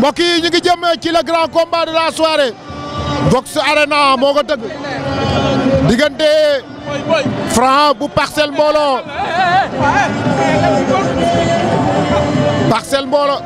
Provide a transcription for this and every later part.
mbokk yi ñu ngi jëm ci le grand combat de la Arena moo ko tëgg diggante Franc bu Parcelles Mbooloo Parcelles Mbooloo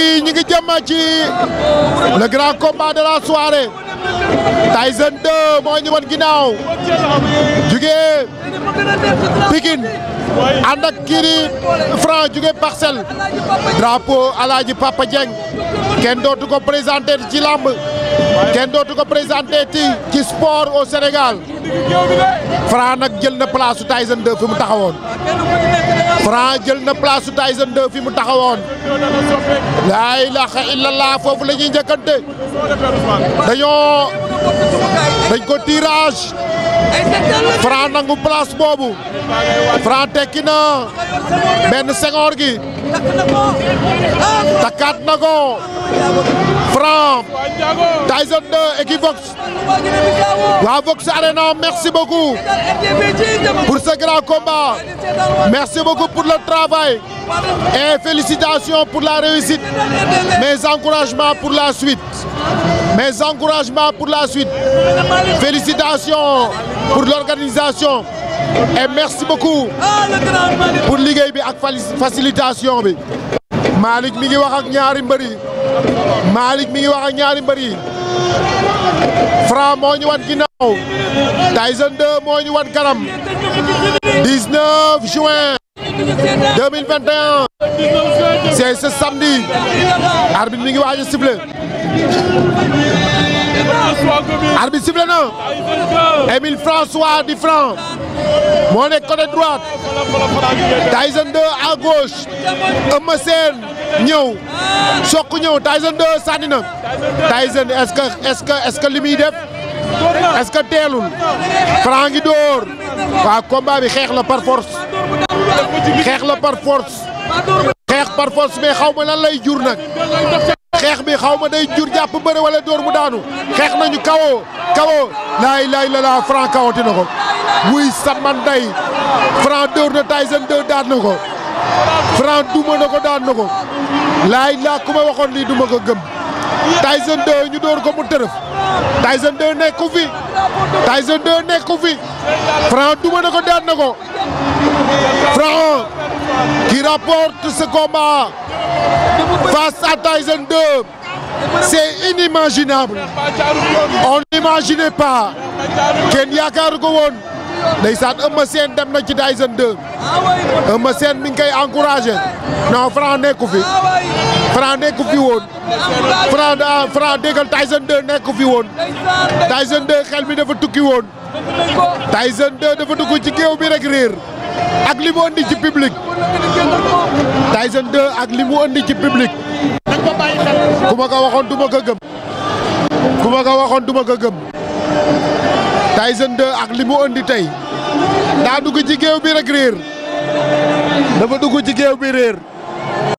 yi ñu ngi jëm ci le grand combat de la soirée Tyson moo ñu wan ginnaaw jugee Pikine ànd ak kii di Franc jugee Alaaji Papa Dieng kenn dootu ko présenté ci làmb kenn dootu ko présenté ci ci sport au Sénégal. Franc nag jël na place su Tyson 2 fi mu taxawoon Franc jël na place su Tyson 2 fi mu taxawoon laa ilaha illallah foofu la ñuy njëkkante dañoo dañ ko tirage Franc nangu place boobu Franc tekki na benn sengoor gi takkaat na ko Franc Tyson 2 Equivox Arena merci beaucoup pour ce grand merci beaucoup pour le travail et félicitations pour la réussite mes encouragements pour la suite mes encouragement pour la suite félicitations pour l'organisation et merci beaucoup pour liggéey bi ak facilitation bi Malick mi ngi wax ak ñaari mbër yi Malick mi ngi wax ak ñaari mbër yi Franc moo ñu wan ginnaaw Tyson 2 kanam 2021 c'est ce samedi arbitre mi ngi waaj a siffler arbitre na Émile François di Franc moo nekk côté droite Tyson 2 à gauche Eumeu Sène ñëw Sokh ñëw Tyson 2 sànni na Tyson est-ce que est-ce que est-ce que def est-ce que teelul Franc combat bi xeex par force xeex la par force xeex par force mais xaw ma lan lay jur nag xeex bi xaw ma day jur jàpp bëre wala dóor mu daanu xeex nañu kawoo kawoo laay laay la laa Franc na ko wuy saman day Franc dóor na Tyson 2 daan na ko Franc duma na ko daan na ko laay laa ku ma waxoon lii duma ko gëm Tyson ñu dóor ko mu tërëf Tyson 2 nekku fi Tyson nekku fi Franc duma na ko daan na ko qui rapporte ce combat face à Tyson 2, c'est inimaginable. On n'imaginait pas. kenn yaakaar ko woon ndeysaan Eumeu Sène dem na ci Tyson 2 Eumeu Sène mi ngi koy encouragé non Franc nekku fi Franc nekku fi woon Franc Franc déggal Tyson 2 nekku fi woon Tyson 2 xel mi dafa tukki woon Tyson 2 dafa dugg ci géew bi rek réer ak li mu ëndi ci public Tyson 2 ak li mu ëndi ci public ku ma ko waxoon du ma ko gëm ku ma ko waxoon du ma ko gëm Tyson ak li mu ëndi tey daa dugg ci géew bi rek réer dafa dugg ci géew bi réer